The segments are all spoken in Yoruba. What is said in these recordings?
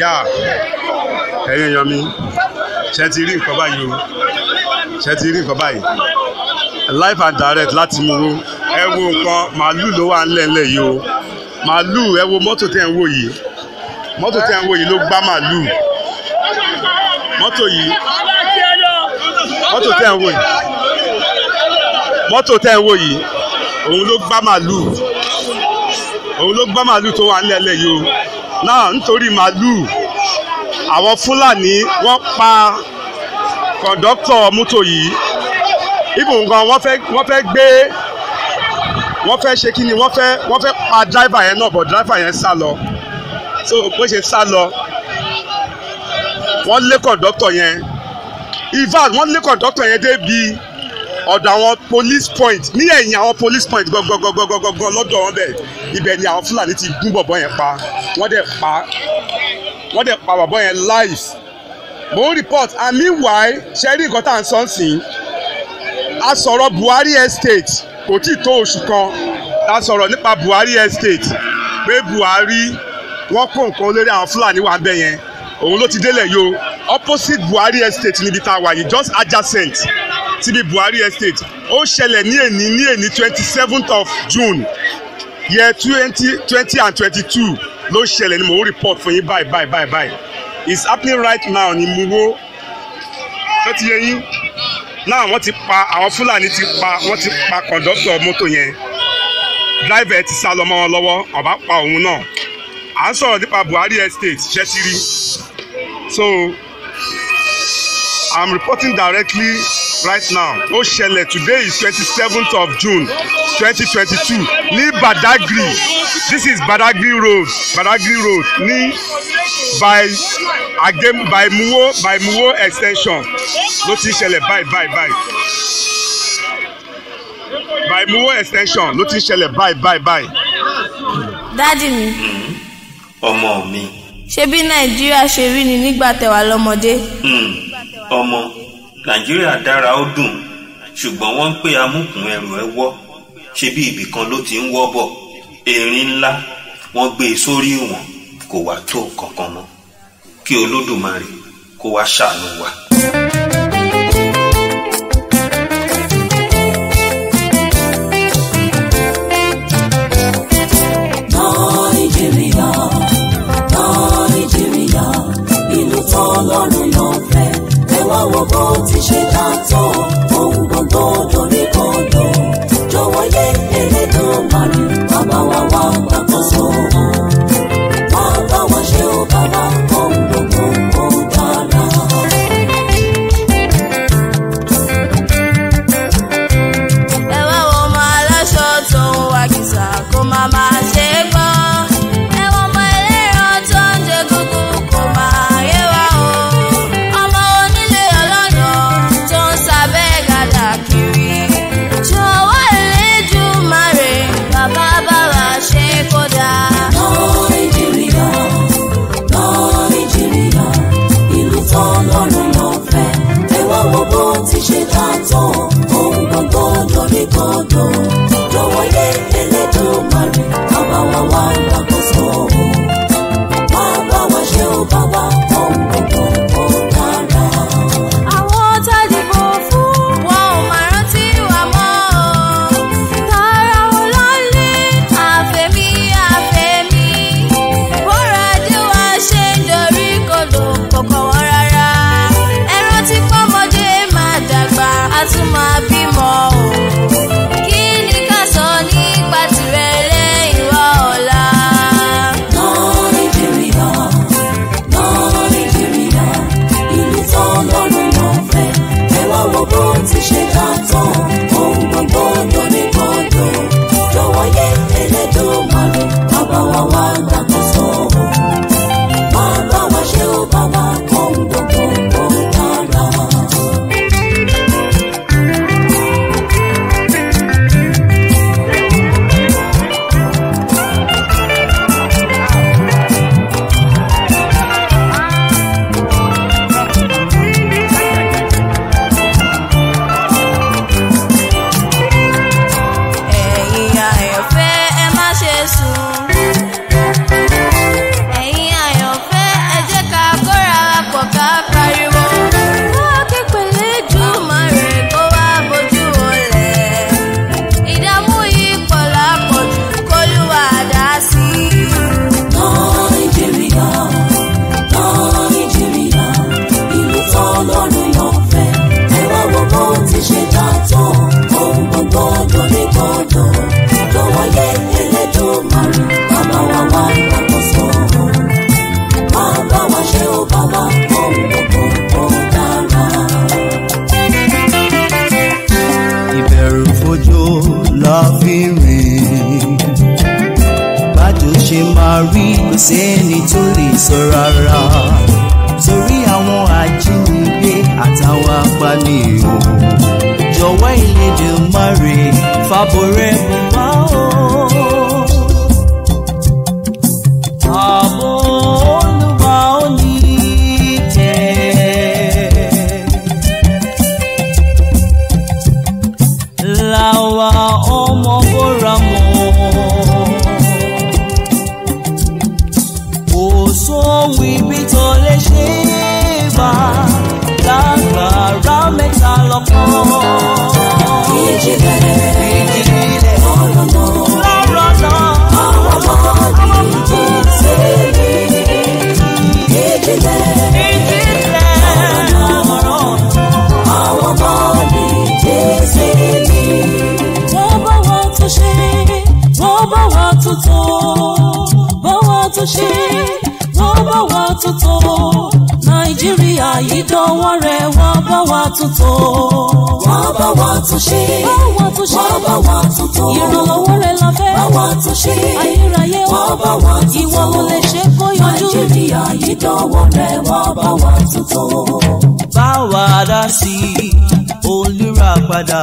yá ẹ̀yin èèyàn mi ṣe ti rí nǹkan báyìí o ṣe ti rí nǹkan báyìí life and direct láti mú wo ẹ wo nǹkan màálù ló wà ńlẹ̀ ńlẹ̀ yìí o màálù ẹ wo mọ́tò tẹ̀ ń wò yìí mọ́tò tẹ̀ ń wò yìí ló gbá màálù mọ́tò yìí mọ́tò tẹ̀ ń wò yìí mọ́tò tẹ̀ ń wò yìí òun ló gbá màálù òun ló gbá màálù tó wà ńlẹ̀ yìí o náà nítorí màálùú àwọn fúlàní wọ́n pa kọ̀ǹdọ́tọ̀ mọ́tò yìí ibùn gan wọ́n fẹ́ wọ́n fẹ́ gbé wọ́n fẹ́ ṣe kí ni wọ́n fẹ́ wọ́n fẹ́ pa dráìvà yẹn náà bọ̀ dráìvà yẹn sá lọ so bó ṣe sá lọ wọ́n lé kọ̀ǹdọ́tọ̀ yẹn in fact wọ́n lé kọ̀ǹdọ́tọ̀ yẹn dé ọ̀dọ̀ àwọn police point ní ẹ̀yìn àwọn police point gọ́gọ́gọ́gọ́gọ́ lọ́dọ̀ wọn bẹ́ẹ̀ ibẹ̀ ni àwọn fúlàní ti gún bọ̀bọ̀ yẹn pa wọ́n dẹ̀ pa wọ́n dẹ̀ pa bọ̀bọ̀ yẹn live mò ń report and meanwhile ṣe rí nǹkan tá à ń sọ sìn a sọ̀rọ̀ Buhari estate kò tí ì tó oṣù kan a sọ̀rọ̀ nípa Buhari estate pé Buhari wọ́n kó nǹkan lórí àwọn fúlàní wà bẹ́ẹ̀ yẹn òun ló ti délẹ̀ yo opposite Buhari estate níbi tá a wà yìí just adjacent síbi Buhari estate ó ṣẹlẹ̀ ní èní ní èní twenty seventh of June year twenty twenty and twenty two ló ṣẹlẹ̀ ni mò ń report fún yín báyìí báyìí báyìí báyìí it's happening right now ní Muro tó ti yẹ yín náà wọ́n ti pa àwọn Fúlàní ti pa wọ́n ti pa kọ̀ǹdọ́tọ̀ mọ́tò yẹn driver ti sá lọ mọ́ wọn lọ́wọ́ ọ̀bá pa òun náà à ń sọ̀rọ̀ nípa Buhari estate ṣẹ́tìrì so I'm reporting directly right now ó ṣẹlẹ̀ today is twenty seventh of June twenty twenty two ní Badagry this is Badagry road Badagry road ní by agem by Muwo by Muwo extension ló ti ṣẹlẹ̀ bye, bye. báyìí by Muwo extension ló ti ṣẹlẹ̀ bye, bye. báyìí. dádì mi. ọmọ mi. ṣebí nàìjíríà ṣe rí ni nígbà tẹwà lọ́mọdé. Hmm. ọmọ. Mm nàìjíríà dára ó dùn ṣùgbọ́n wọ́n ń pè amúkùn ẹrù ẹ wọ́ ṣebí ibìkan ló ti ń wọ́ bọ̀ erin ńlá wọ́n gbé e sórí ìwọ̀n kò wá tó kankan mọ́ kí olódùmarè kó wá ṣàánú wa. torí àwọn ajínigbé àtàwọn apanìyàn jọ̀wọ́ ìlédè mọ́re fàbọ̀rẹ́ bùbá o. wọ́n bá wa tuntò nàìjíríà yìí dánwọ́ rẹ̀ wọ́n bá wa tuntò. wọ́n bá wa tún ṣe wọ́n bá wa tuntò ìrànlọ́wọ́ rẹ̀ la fẹ́ bá wa tún ayérayé wọ́n bá wa tuntò ìwọ ló lè ṣe kó yanjú. nàìjíríà yìí dánwọ́ rẹ̀ wọ́n bá wa tuntò. bá wa dá sí i olùràpadà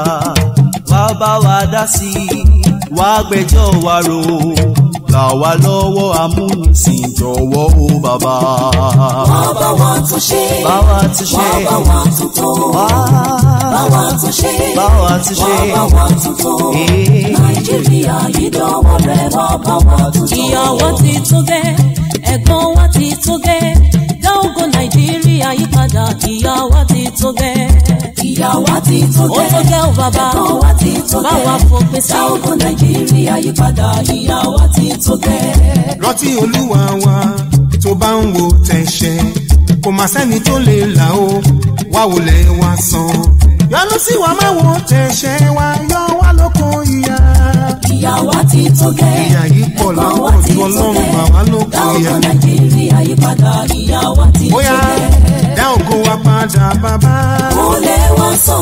wá bá wa dá sí i wá gbẹjọ́ wa rò gbà wá lọ́wọ́ amúnisìn jọ̀wọ́ o bàbá. wá bá wa tún ṣe wá wá tún ṣe wá bá wa tún tó wá bá wa tún ṣe bá wa tún tó. Eh. nàìjíríà yìí dọ́wọ́ rẹ̀ bá wa tún tó. ìyàwó ti tó gẹ́ ẹ̀gbọ́n wa ti tó gẹ́ ológo nàìjíríà yípadà ìyà wa ti tó gẹ́. ìyà wa ti tó gẹ́. ó tó gẹ́ o bàbá. ẹ̀kọ́ wa ti tó gẹ́. báwa fòpin sí. ológo nàìjíríà yípadà ìyà wa ti tó gẹ́. rántí olúwa wa tó bá ń wo tẹ̀sẹ̀ kò má sẹ́ni tó lè là ó wá wò lẹ́ sàn. yọ́nú sí wa máa wo tẹ̀sẹ̀ wa yọ wá àwa ti tó gẹ́. ìyá yìí pọ̀ láwọn ju ọlọ́run àwa ló kú yẹ. láwọn nàìjíríà yí padà ìyá wa ti tó gẹ́. bóyá dá ògo wa padà bàbá. kó lè wá sọ.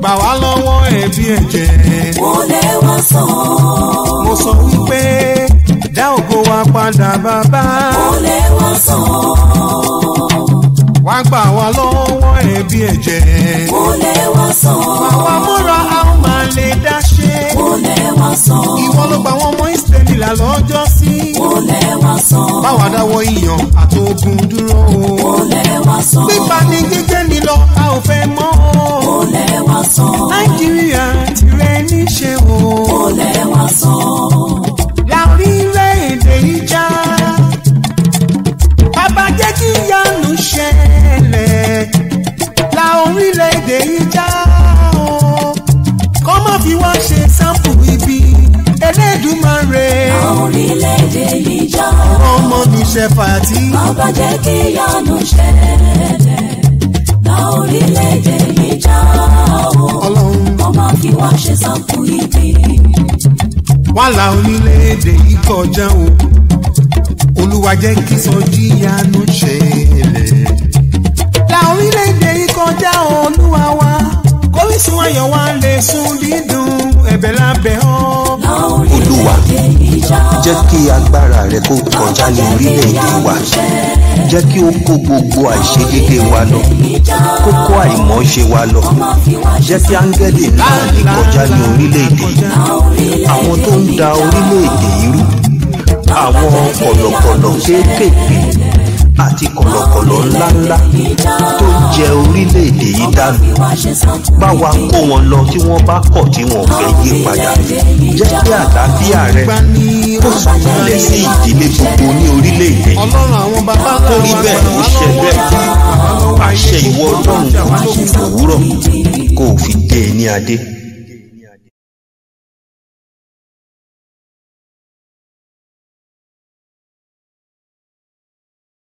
gbà wá lọ́wọ́ ẹ̀bi ẹ̀jẹ̀. kó lè wá sọ. mo sọ wípé dá ògo wa padà bàbá. kó lè wá sọ wá gbà wá lọ́wọ́ ẹ̀bi ẹ̀jẹ̀. kó lè wá sàn wá sàn. ìwọ ló pa àwọn ọmọ ìsírẹ́lì là lọ́jọ́ sí. kò lẹ́ wá sàn. báwa dáwọ́ ìyàn àti ogun dúró. kò lẹ́ wá pípa ni gígé ni lọ a ò fẹ́ mọ́. kò lẹ́ wá sàn. nàìjíríà tìrẹ níṣẹ́ ṣe fàtí. ọba jẹ́ kí ìyanu ṣẹlẹ̀ la orílẹ̀-èdè yìí já o. ọlọ́run kó má fi wá ṣe sọ́kù ibi. wàhálà orílẹ̀-èdè yìí kọjá o. olúwa jẹ́ kí sọjí ìyanu ṣẹlẹ̀. la orílẹ̀-èdè yìí kọjá o olúwa wa. kórísun ayọ̀ wa lè sun dídùn ẹ̀bẹ̀ lábẹ́ ọ jẹ́ kí agbára rẹ kó kọjá ní orílẹ̀-èdè wa jẹ́ kí ó kó gbogbo àìṣedédé wa lọ kó kó àìmọ̀ọ́ṣe wa lọ jẹ́ kí áńgẹ́lì náà lè kọjá ní orílẹ̀-èdè àwọn tó ń da orílẹ̀-èdè yìí rú àwọn kọ̀lọ̀kọ̀lọ̀ kéékèèké àti kọ̀lọ̀kọ̀lọ̀ ńláńlá tó jẹ orílẹ̀-èdè yìí dànù bá wa kó wọn lọ tí wọ́n bá kọ̀ tí wọ́n fẹ́ yí padà jẹ́ kí àlàáfíà rẹ kó sàkúnlẹ̀ sí ìdílé gbogbo ní orílẹ̀-èdè yìí kó rí bẹ́ẹ̀ kó ṣe bẹ́ẹ̀ àṣẹ ìwọ ọlọ́run kò tó kò wúrọ̀ kó o fi dé ní adé.